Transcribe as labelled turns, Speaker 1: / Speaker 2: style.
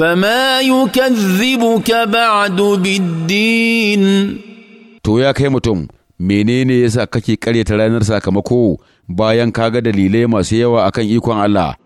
Speaker 1: فما يكذبك بعد بالدين to ya kai mutum menene yasa kake karya ta ranar sakamako bayan ka
Speaker 2: ga dalilai masu yawa akan ikon Allah